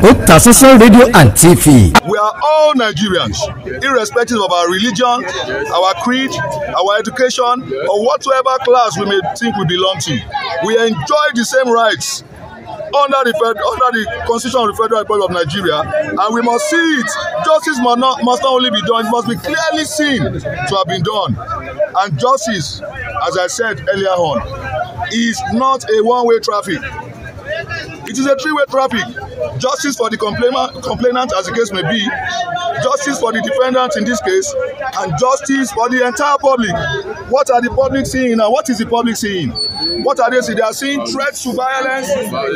Otasansan Radio and TV. We are all Nigerians, irrespective of our religion, our creed, our education, or whatever class we may think we belong to. We enjoy the same rights under the under the constitution of the Federal Republic of Nigeria and we must see it justice must not must not only be done it must be clearly seen to have been done and justice as I said earlier on is not a one-way traffic It is a three-way traffic. Justice for the complainant, complainant as the case may be, justice for the defendant in this case, and justice for the entire public. What are the public seeing now? what is the public seeing? What are they seeing? They are seeing threats to violence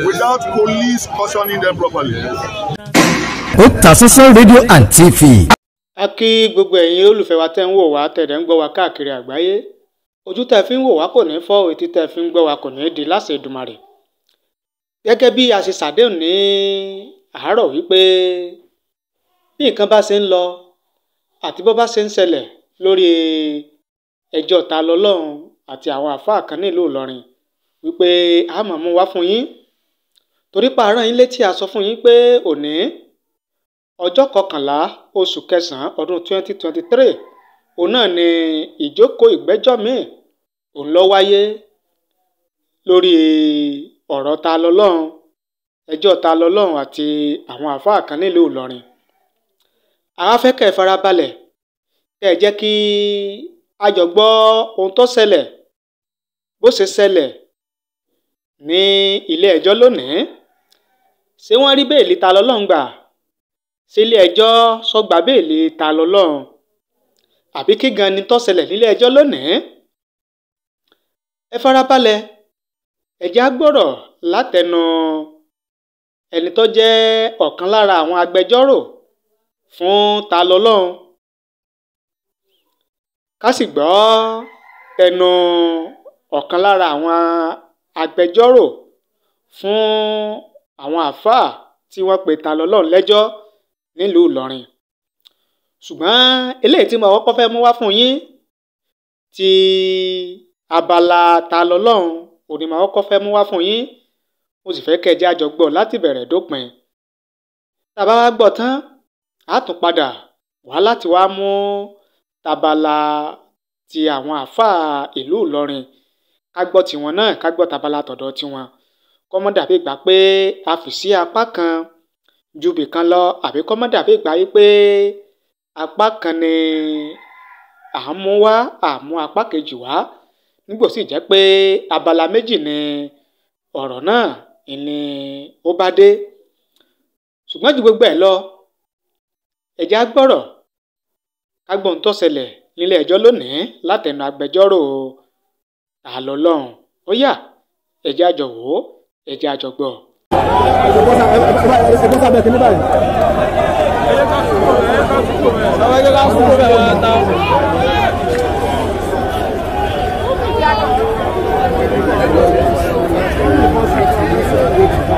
without police cautioning them properly. Otasansan rédíò and TV. a kí gbogbo ẹ̀yin olùfẹ́ wa tẹ́ ń wò wá tẹ̀lé ń gbọ́ wa káàkiri àgbáyé ojú tẹ́ fi ń wò wá kò ní fọ́ etí tẹ́ fi ń gbọ́ wa kò ní di láṣẹ Èdùmàrè gẹ́gẹ́ bí a ṣe ṣàdéhùn ní àárọ̀ wípé bí nǹkan bá ṣe ń lọ àti bó bá ṣe ń ṣẹlẹ̀ lórí ẹjọ́ ta lọ́lọ́run àti àwọn àáfàá kan nílùú Ìlọrin wípé a máa mú wá fún yín torí pààrọ̀ yín létí a sọ fún yín pé òní ọjọ́ kọkànlá oṣù kẹsàn-án ọdún 2023 òun náà ni ìjókòó ìgbẹ́jọ́ míì òun ló wáyé lórí ọ̀rọ̀ ta lọ́lọ́run ẹjọ́ ta lọ́lọ́run àti àwọn àáfàá kan nílùú Ìlọrin àwa fẹ́ kẹ́ ẹ farabalẹ̀ kẹ́ ẹ jẹ́ kí a jọ gbọ́ ohun tó ṣẹlẹ̀ bó ṣe ṣẹlẹ̀ ní ilé ẹjọ́ lónìí ṣé wọ́n rí béèlì ta lọ́lọ́run gbà sílé ẹjọ́ sọ́gbà béèlì ta lọ́lọ́run àbí kí gan tó ṣẹlẹ̀ nílé ẹjọ́ lónìí ẹ farabalẹ̀ ẹ̀já gbọ́rọ̀ látẹnu ẹni tó jẹ́ ọ̀kan lára àwọn agbẹjọ́rò fún ta lọ́lọ́run ká sì gbọ́ ẹnu ọ̀kan lára àwọn agbẹjọ́rò fún àwọn àáfàá tí wọ́n pe ta lọ́lọ́run lẹ́jọ́ nílùú Ìlọrin ṣùgbọ́n eléyìí tí mo kọ́kọ́ fẹ́ mú wá fún yín ti abala ta lọ́lọ́run òun ni màá kọ́ fẹ́ mú wá fún yín mo sì fẹ́ kẹjẹ àjọgbọ́ láti bẹ̀rẹ̀ dópin tàbá wá gbọ́ tán á padà wá láti wá mú tabala ti àwọn àáfàá ìlú Ìlọrin ká gbọ́ tiwọn náà ká gbọ́ tabala tọ̀dọ̀ tiwọn kọ́mọ́dà bí gbà pé a fi sí apá kan ju bìkan lọ àbí kọ́mọ́dà bí gbà yí pé apá kan ni à ń mú wá à ń mú apá kejì wá nígbò sì jẹ́ pé abala méjì ni ọ̀rọ̀ náà ni ó bá dé ṣùgbọ́n ju gbogbo ẹ̀ lọ ẹ̀jẹ̀ á gbọ́rọ̀ kágbọ́n tó ṣẹlẹ̀ nílé ẹjọ́ lónìí látẹnu agbẹjọ́rò àlọ́lọ́hún ó yá ẹ̀jẹ̀ àjọ wò ó ẹ̀jẹ̀ àjọ gbọ́. Àwọn ẹgbẹ́ ká fún un bẹ̀rẹ̀ ta.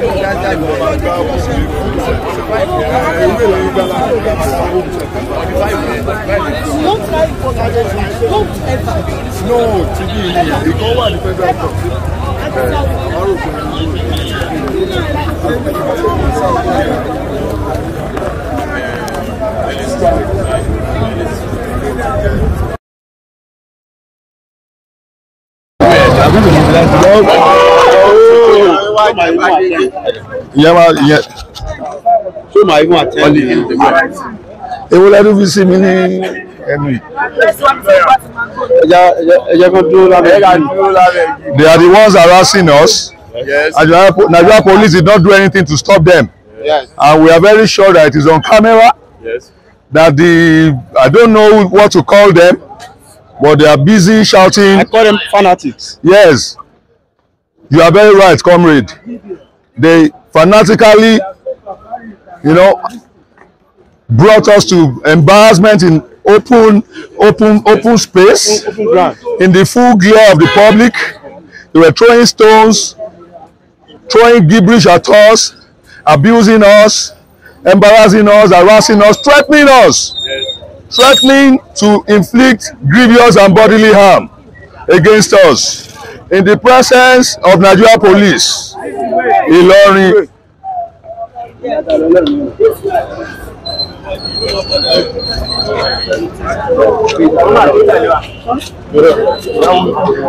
Don't try for Don't ever. No, to be the go one federal court. Tomorrow for you. I'm going to be like, ìyẹn máa ìyẹn. ṣé màá even attend the interview. ewu lẹ́nu fi sí mi ní ẹnu yìí. ẹ jẹ́ dúró lábẹ́ yìí. they are the ones harassing us. Yes. Nigeria, Nigeria police did not do anything to stop them. Yes. And we are very sure that it is on camera. Yes. That the, I don't know what to call them, but they are busy shouting. I call them fanatics. Yes. You are very right, comrade. They fanatically, you know, brought us to embarrassment in open, open, open space, in the full glare of the public. They were throwing stones, throwing gibberish at us, abusing us, embarrassing us, harassing us, threatening us, threatening to inflict grievous and bodily harm against us in the presence of Nigeria Police Ìlọrin.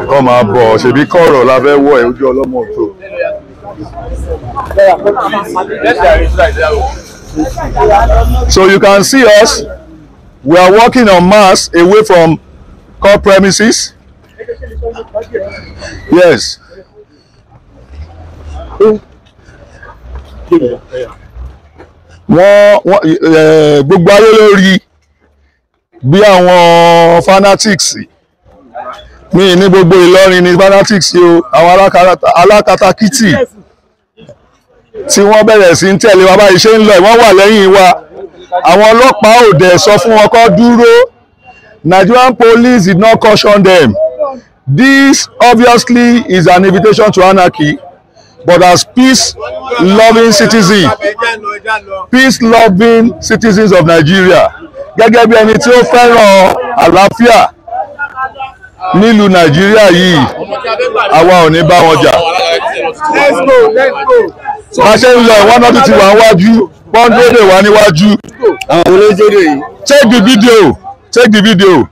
kọ́ máa bọ̀ ṣèbí kọ̀rọ̀ la fẹ́ wọ̀ ẹ́ ojú ọlọ́mọ tó. So you can see us, we are walking on mass away from court premises. Yes. Wọ́n wọ́n gbogbo ayé ló rí bí àwọn fanatics mi ní gbogbo Ìlọrin ni fanatics o àwọn alákatakítì tí wọ́n bẹ̀rẹ̀ sí ń tẹ̀lé wa báyìí ṣe ń lọ wọ́n wà lẹ́yìn wa àwọn ọlọ́pàá ò dẹ̀ sọ fún wọn kó dúró Nigerian police did not caution them. This obviously is an invitation to anarchy, but as peace-loving citizens, peace-loving citizens of Nigeria, gẹ́gẹ́ bi ẹni tí ó fẹ́ràn àlàáfíà nílùú Nàìjíríà yìí, àwa ò ní bá wọn jà. Bá ṣe ń lọ ìwọ́n náà ti wà níwájú, pọ́ńdéèdè wà níwájú. Take the video, take the video,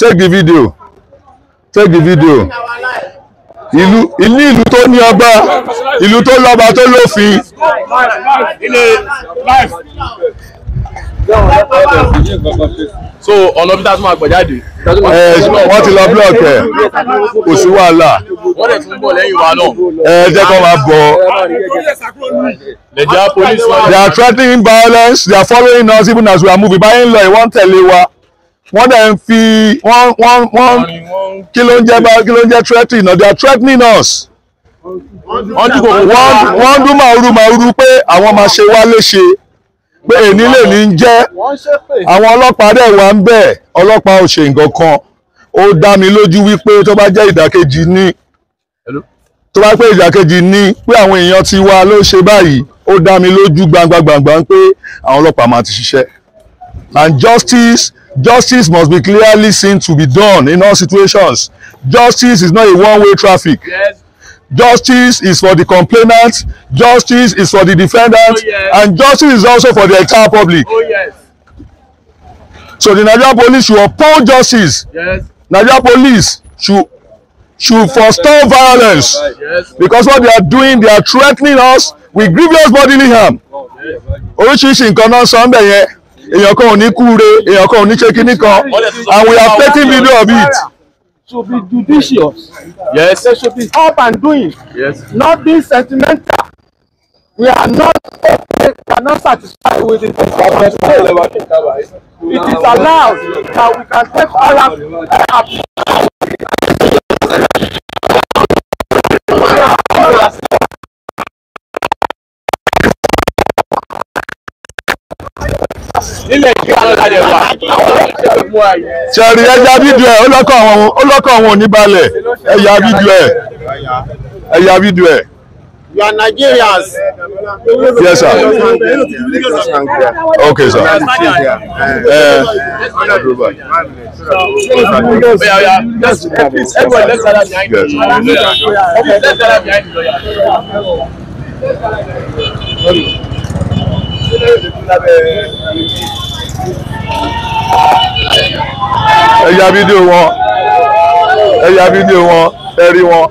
take the video check the video ìlú ìlú ìlú tó ní ọba ìlú tó lọ́ba tó lófin. so ọ̀nà bí tásùmọ̀ àgbàjáde. Eh, wọ́n ti lọ búlọ̀kì ẹ̀ kò sí wàhálà. wọ́n lè tún bọ̀ lẹ́yìn wa náà. Eh, ẹ jẹ́ kó máa bọ̀. Nigeria police. they are threatening violence they are following us even as we are moving báyìí ń lọ ìwọ́n tẹ̀lé wa wọ́n dẹ̀ ń fi wọ́n wọ́n wọ́n kí ló ń jẹ́ bá kí ló ń jẹ́ threatening na they are threatening us wọ́n wọ́n dún màrú màrú pé àwọn máa ṣe wá léṣe pé èní lè ní jẹ́ àwọn ọlọ́pàá dẹ̀ wà ń bẹ̀ ọlọ́pàá ò ṣe nǹkan kan ó dá mi lójú wípé tó bá jẹ́ ìdàkejì ní tó bá pé ìdàkejì ní pé àwọn èèyàn ti wá ló ṣe báyìí ó dá mi lójú gbangba gbangba pé àwọn ọlọ́pàá máa ti ṣiṣẹ́ and justice Justice must be clearly seen to be done in all situations. Justice is not a one-way traffic. Yes. Justice is for the complainant, justice is for the defendant, oh, yes. and justice is also for the entire public. Oh, yes. So the Nigerian police should uphold justice. Yes. Nigerian police should should forestall violence yes. because what they are doing they are threatening us with grievous bodily harm. Oríṣiríṣi nǹkan náà sọ ń bẹ̀ yẹn èèyàn kan ò ní kúure èèyàn kan ò ní ṣe kinní kan and we are taking video of it. to be judicious. yes. they should be up and doing. yes. not being sentimental. we are not okay, we are not satisfied with it. it is allowed that we can take all our. nílẹ̀ kí wọ́n lọ́dà dẹ̀ ẹja fídíò ẹ̀ ọlọ́kọ̀ àwọn oníbalẹ̀ ẹ̀yà fídíò ẹ̀ ẹ̀yà fídíò ẹ̀. You are Nigerians. Yes, sir. Okay, sir. Uh, yes. Eh ẹ ya fídíò wọn ẹ ya fídíò wọn ẹ rí wọn.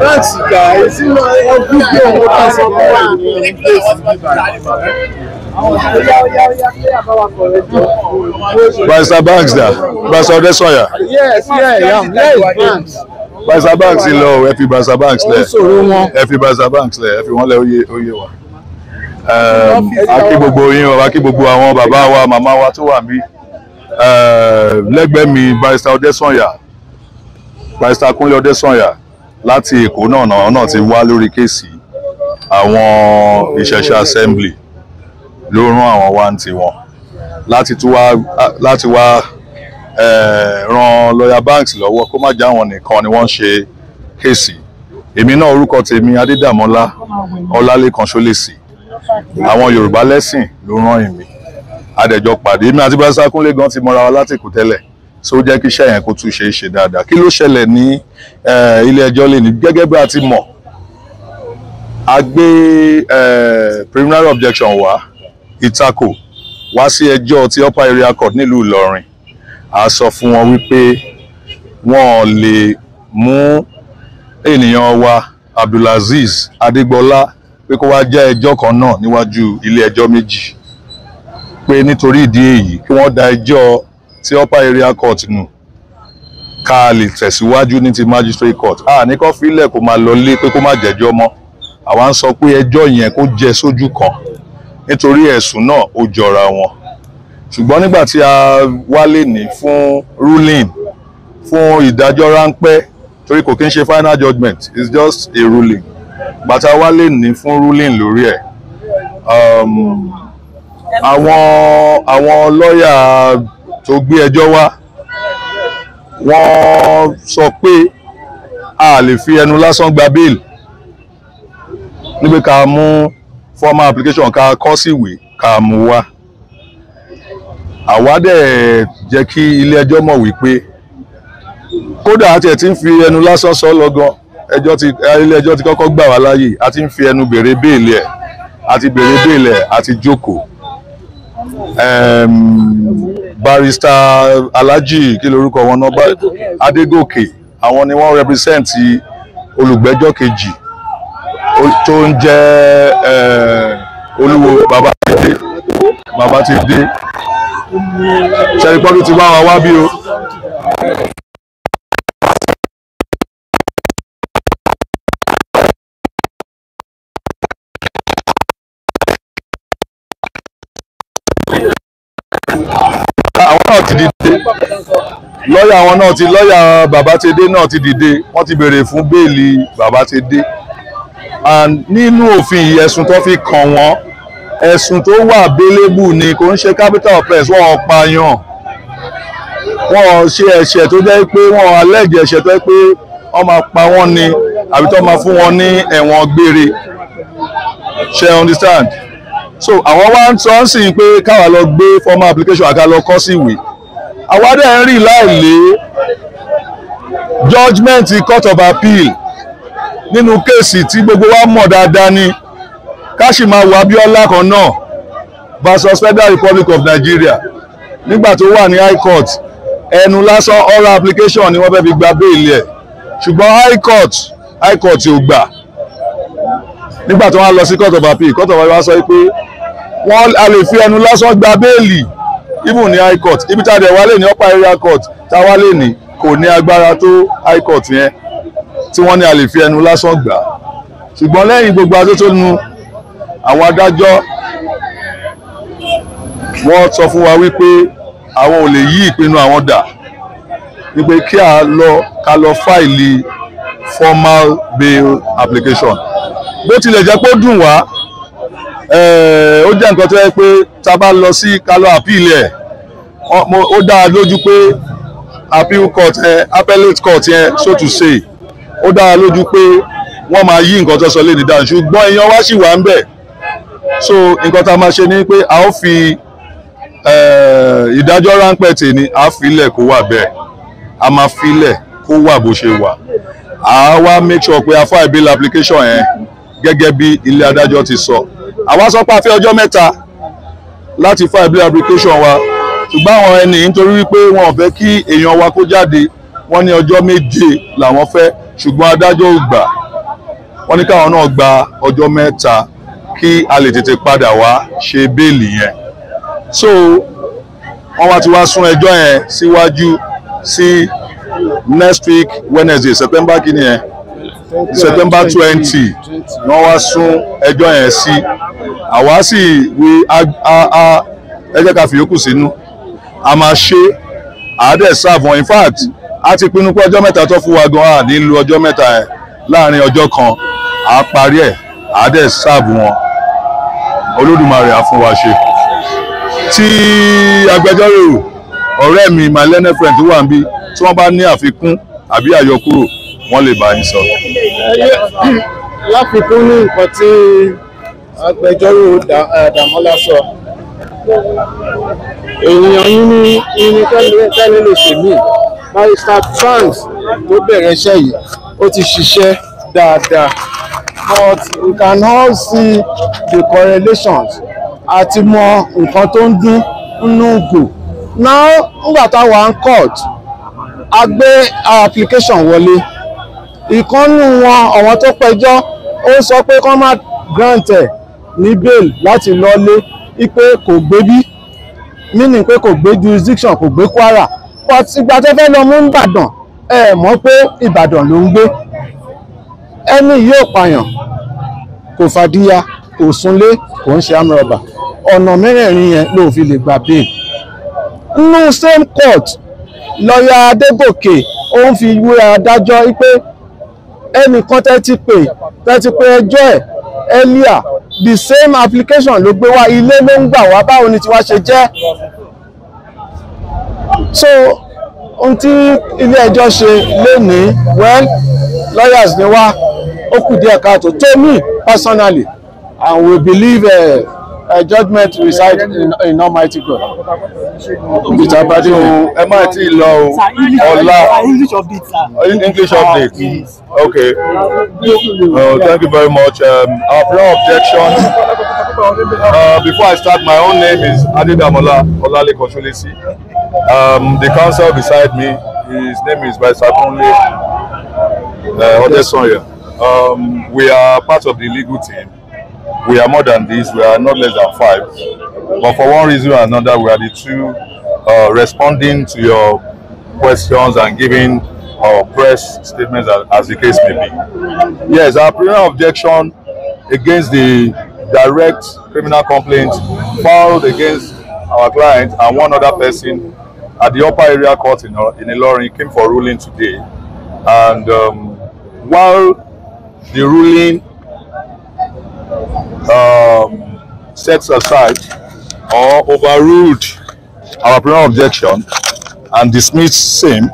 Thanks guys, you know, I'm good. Barrister Banks there. Barrister Odesoya. Yes, yeah, yeah, yeah, Banks. Barrister Banks ń lọ ẹ fi Banks there. Ẹ fi Banks there. ẹ fi wọ́n lẹ̀ oyè oyè wa. Akí gbogbo yín o, akí gbogbo àwọn Baba wa, màmá wa tó wà mí. Lẹ́gbẹ̀ẹ́ mi Barrister Odesoya. Barrister Kúnlé Odesoya láti Èkó náà náà ti wá lórí kéèsì àwọn ìṣẹ̀ṣẹ̀ assembly ló rán àwọn wá ní tiwọn láti tún wá láti wá ran lawyer Banks lọ́wọ́ kó má jẹ́ àwọn nìkan ni wọ́n ń ṣe kéèsì èmi náà orúkọ tèmi Adédàmọ́lá Ọlálékan Ṣólèsì àwọn Yorùbá lẹ́sìn ló rán èmi adẹ̀jọ pàdé èmi àti Bàbá Sákúnlé gan ti mọra wa látìkú tẹ́lẹ̀ so ó jẹ́ kí iṣẹ́ yẹn kó tún ṣe é ṣe dáadáa kí ló ṣẹlẹ̀ ní ilé ẹjọ́ lè ní gẹ́gẹ́ bí a ti mọ̀ a gbé preliminary objection wá ìtakò wá sí ẹjọ́ ti upper area court nílùú ìlọrin a sọ fún wọn wípé wọn lè mú ènìyàn wa abdulazeez adégbọlá pé kó wá já ẹjọ́ kan náà níwájú ilé ẹjọ́ méjì pé nítorí ìdí èyí kí wọ́n da ẹjọ́ ti upper area court nù ká lè tẹ̀síwájú ní ti magistrate court a ní kó filẹ̀ kó máa lọ lé pé kó má jẹ́jọ́ mọ́ àwa ń sọ pé ẹjọ́ yẹn kó jẹ sójú kan nítorí ẹ̀sùn náà ó jọra wọn ṣùgbọ́n nígbà tí a wálé ní fún ruling fún ìdájọ́ ráńpẹ́ torí kò kí n ṣe final judgement it's just a ruling gbàtà wálé ní fún ruling lórí ẹ̀ um, àwọn àwọn lọ́ọ̀yà tó gbé ẹjọ́ wá wọ́n sọ pé a lè fi ẹnu lásán gba bail níbi ká mú formal application ká kọ sí ìwé ká mú wá àwa dẹ̀ jẹ́ kí ilé ẹjọ́ mọ̀ wípé kódà àti ẹ̀ ti ń fi ẹnu lásán sọ lọ́gán ẹjọ́ ti ilé ẹjọ́ ti kọ́kọ́ gbà wá láàyè a ti ń fi ẹnu béèrè béèlì ẹ̀ àti béèrè béèlì ẹ̀ àti jókòó barista Alhaji kí lorúkọ wọn náà Adégòkè àwọn ni wọ́n represent olùgbẹ́jọ́ kejì tó ń jẹ́ eh, olúwo Babátúndé Babátúndé ṣẹ́ni pọ́bí ti wá wa wá bí o. àwọn náà ti dìde lọ́ọ̀yà àwọn náà ti lọ́ọ̀yà Babátúndé náà ti dìde wọ́n ti béèrè fún bẹ́ẹ̀lì Babátúndé and nínú òfin ẹ̀sùn tó fi kàn wọ́n ẹ̀sùn tó wà bélébù ni kò ń ṣe capital offence wọ́n pààyàn wọ́n ṣe ẹ̀ṣẹ̀ tó jẹ́ pé wọ́n alẹ́jẹ̀ ẹ̀ṣẹ̀ tó jẹ́ pé wọ́n máa pa wọ́n ni àbí tó máa fún wọn ní ẹ̀wọ̀n gbére ṣe understand so àwọn wá ń sọ ń sìn pé káwa lọ gbé formal application àká lọ kọ sí ìwé àwa dẹ̀ ń rí láìlé judgement court of appeal nínú kéèsì tí gbogbo wa mọ̀ dáadáa ni káṣímà wo Abíọ́lá kan náà versus Federal Republic of Nigeria nígbà tó wà ní High Court ẹnu lásán oral application ni wọ́n fẹ́ fi gba béèlì ẹ̀ ṣùgbọ́n High Court High Court ò gbà nígbà tó wọ́n lọ sí Court of Appeal Court of Appeal wá sọ pé wọ́n a lè fi ẹnu lásán gba béèlì even ní High Court ibi tá a dẹ̀ wá ní upper area court tá a wá lè ní kò ní agbára tó High Court yẹn tí wọ́n ní a lè fi ẹnu lásán gbà ṣùgbọ́n lẹ́yìn gbogbo atótónu àwọn adájọ́ wọ́n sọ fún wa wípé àwọn ò lè yí ìpinnu àwọn dà wípé kí a lọ ká lọ fáìlì formal bail application bó tilẹ̀ jẹ́ pé ó dùn wá eh, ó jẹ́ nǹkan tó yẹ pé tá a bá lọ sí ká lọ àpíìlì ẹ̀ ó dá a lójú pé appeal court yẹn appellate court yẹn so to say ó dára lójú pé wọ́n máa yí nǹkan tó sọ lé ní dáhùn ṣùgbọ́n èèyàn wá sì wà ń bẹ̀ so nǹkan tá a máa ṣe ni pé a ó fi ìdájọ́ ráńpẹ́ tèmi a filẹ̀ kó wà bẹ́ẹ̀ a máa filẹ̀ kó wà bó ṣe wà a wá make sure pé a file bail application yẹn gẹ́gẹ́ bí ilé adájọ́ ti sọ àwa sọ pé a fẹ́ ọjọ́ mẹ́ta láti file bail application wa ṣùgbọ́n àwọn ẹni nítorí wípé wọn ò fẹ́ kí èèyàn wa kó jáde wọ́n ní ọjọ́ méje làwọn fẹ́ ṣùgbọ́n adájọ́ ò gbà wọ́n ní káwọn náà gba ọjọ́ mẹ́ta kí a lè tètè padà wá ṣe béèlì yẹn so wọ́n wá ti wá sún ẹjọ́ yẹn síwájú sí next week Wednesday September kìíní yẹn September twenty wọ́n wá sún ẹjọ́ yẹn sí àwa sì wí ẹ ká fi yòókù sínú a máa ṣe àádẹ́ serve wọn in fact a ti pinnu pé ọjọ́ mẹ́ta tó fún wa gan a ní lu ọjọ́ mẹ́ta ẹ̀ láàrin ọjọ́ kan à á parí ẹ̀ à á dẹ̀ sáàbù wọn olódùmarè á fún wa ṣe. tí agbẹjọ́rò ọ̀rẹ́ mi my learning friend tó wà níbí tí wọ́n bá ní àfikún àbí àyọkúrò wọ́n lè bá yín sọ. láfikún ní nǹkan tí agbẹjọ́rò eh, dàmọ́lá sọ ènìyàn yín ní irin tẹ́lẹ̀ lè ṣèmí Alistair Trance tó bẹ̀rẹ̀ iṣẹ́ yìí ó ti ṣiṣẹ́ dáadáa but we can all see the correlations àti mọ nǹkan tó ń dún nínú gò náà nígbà táwa ń court a gbé application wọlé ìkànnì wọn àwọn tó pẹjọ́ ó sọ pé kán má grant ẹ̀ ní bail láti lọ́lé ipe kò gbébí meaning pé kò gbé jurisdiction kò gbé Kwara but ìgbà tó fẹ́ lọ mú ìbàdàn ẹ mọ̀ pé ìbàdàn ló ń gbé ẹni yóò pààyàn kò fàdíyà kò súnlé kò ń ṣe amúrọ̀bà ọ̀nà mẹ́rẹ̀ẹ̀rin yẹn ló fi lè gba bail nínú same court lọ́yà adégòkè ó ń fi wúra adájọ́ pé ẹnìkan tẹ́ ti pè tẹ́ ti ẹjọ́ ẹ̀ earlier the same application ló gbé wá ilé ló ń gbà wá báwo ni tiwa ṣe jẹ́ so ohun tí ilé ẹjọ́ ṣe lónìí well lawyers ni wá ó kù díẹ̀ káàtó tó me personally and we believe uh, uh, judgment reside in, in Almighty God. Ìjàmbájú ẹ máa ti lọ o ọ̀la English update. English update. Ah, okay. Oh, thank you very much. Um, our prayer objection. Uh, before I start, my own name is Adedamola Olalekan Solesi. Um, the counsel beside me, his name is Vice Admiral uh, Um, we are part of the legal team. We are more than this. We are not less than five. But for one reason or another, we are the two uh, responding to your questions and giving our press statements as, as the case may be. Yes, our preliminary objection against the direct criminal complaint filed against our client and one other person at the upper area court in, in Ilorin came for ruling today. And um, while the ruling um, sets aside or overruled our prior objection and dismissed same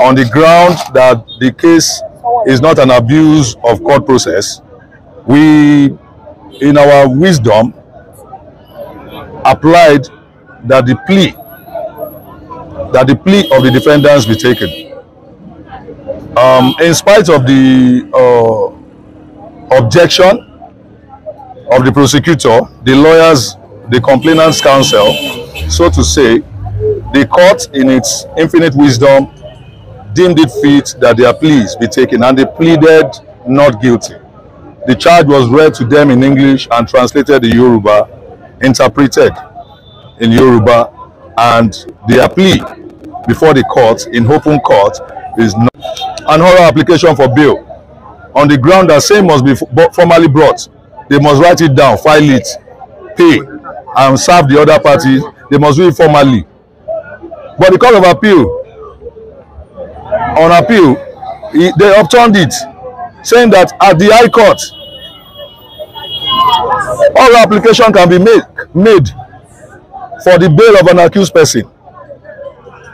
on the ground that the case is not an abuse of court process, we, in our wisdom, applied that the plea that the plea of the defendants be taken. Um, in spite of the uh, objection of the prosecutor, the lawyers, the complainants' counsel, so to say, the court in its infinite wisdom deemed it fit that their pleas be taken and they pleaded not guilty. The charge was read to them in English and translated in Yoruba interpreted in Yoruba and their plea before the court in open court is not an oral application for bail on the ground that same must be formally brought they must write it down file it pay and serve the other parties. they must do it formally but the court of appeal on appeal they overturned it saying that at the high court All application can be make, made for the bail of an accused person.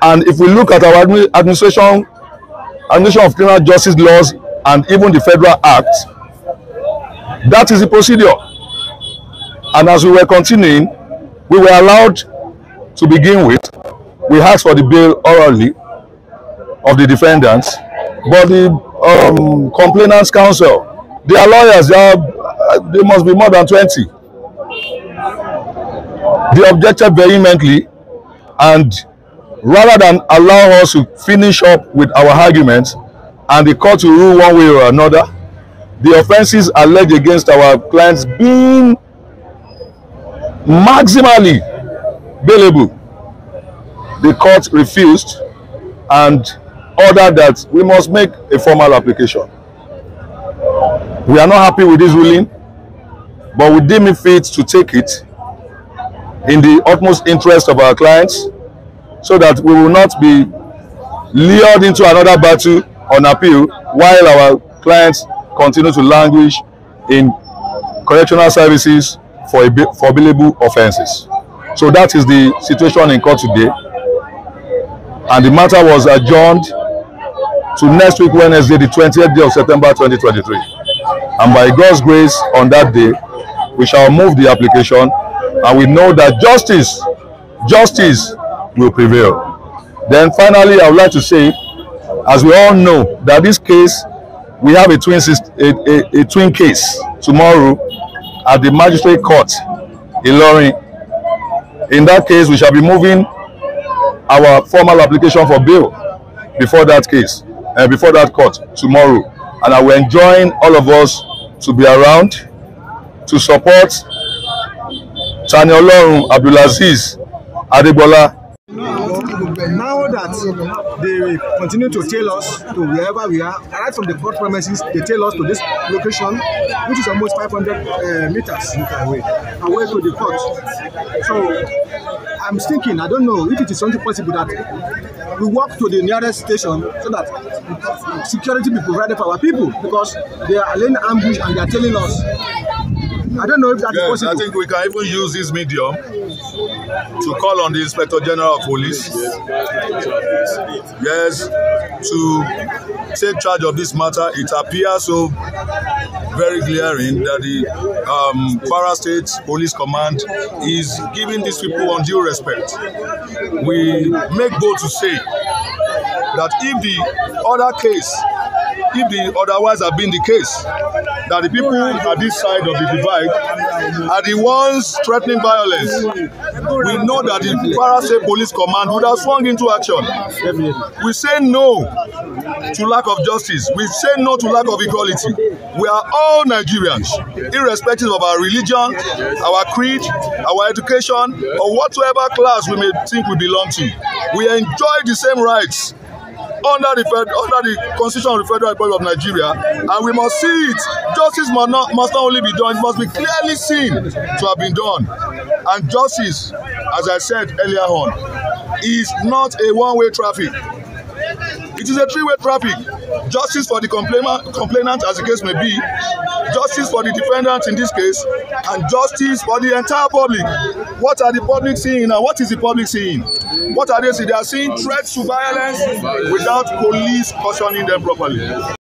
And if we look at our admi administration, administration of criminal justice laws and even the federal act, that is the procedure. And as we were continuing, we were allowed to begin with. We asked for the bail orally of the defendants, but the um, complainants counsel, their lawyers, their there must be more than 20. They objected vehemently and rather than allow us to finish up with our arguments and the court to rule one way or another, the offenses alleged against our clients being maximally bailable. The court refused and ordered that we must make a formal application. We are not happy with this ruling but we deem it fit to take it in the utmost interest of our clients so that we will not be lured into another battle on appeal while our clients continue to languish in correctional services for, for billable offences. So that is the situation in court today. And the matter was adjourned to next week, Wednesday, the 20th day of September 2023. And by God's grace, on that day, we shall move the application and we know that justice, justice will prevail. Then finally, I would like to say, as we all know, that this case, we have a twin, a, a, a twin case tomorrow at the magistrate court in Lorin. In that case, we shall be moving our formal application for bail before that case, uh, before that court tomorrow. And I will enjoin all of us to be around to support Tani Ọlọ́run Abdulazeez Adégbọlá Now that they continue to tail us to wherever we are, right from the court premises, they tail us to this location, which is almost 500 uh, meters away, away to the court. So I'm thinking, I don't know if it is something possible that we walk to the nearest station so that security be provided for our people because they are laying ambush and they are telling us. I don't know if that yes, is possible. I think we can even use this medium to call on the Inspector General of Police, yes, to take charge of this matter. It appears so very glaring that the um, Kwara State Police Command is giving these people undue respect. We make bold to say that if the other case if the otherwise had been the case that the people at this side of the divide are the ones threatening violence we know that the Kwara State Police Command would have swung into action we say no to lack of justice we say no to lack of equality we are all Nigerians irrespective of our religion our creed our education or whatsoever class we may think we belong to we enjoy the same rights under the under the constitution of the Federal Republic of Nigeria, and we must see it. Justice must not must not only be done; it must be clearly seen to have been done. And justice, as I said earlier on, is not a one-way traffic. It is a three-way traffic. Justice for the complainant, complainant as the case may be, justice for the defendant in this case, and justice for the entire public. What are the public seeing and what is the public seeing? What are they seeing? They are seeing threats to violence without police cautioning them properly.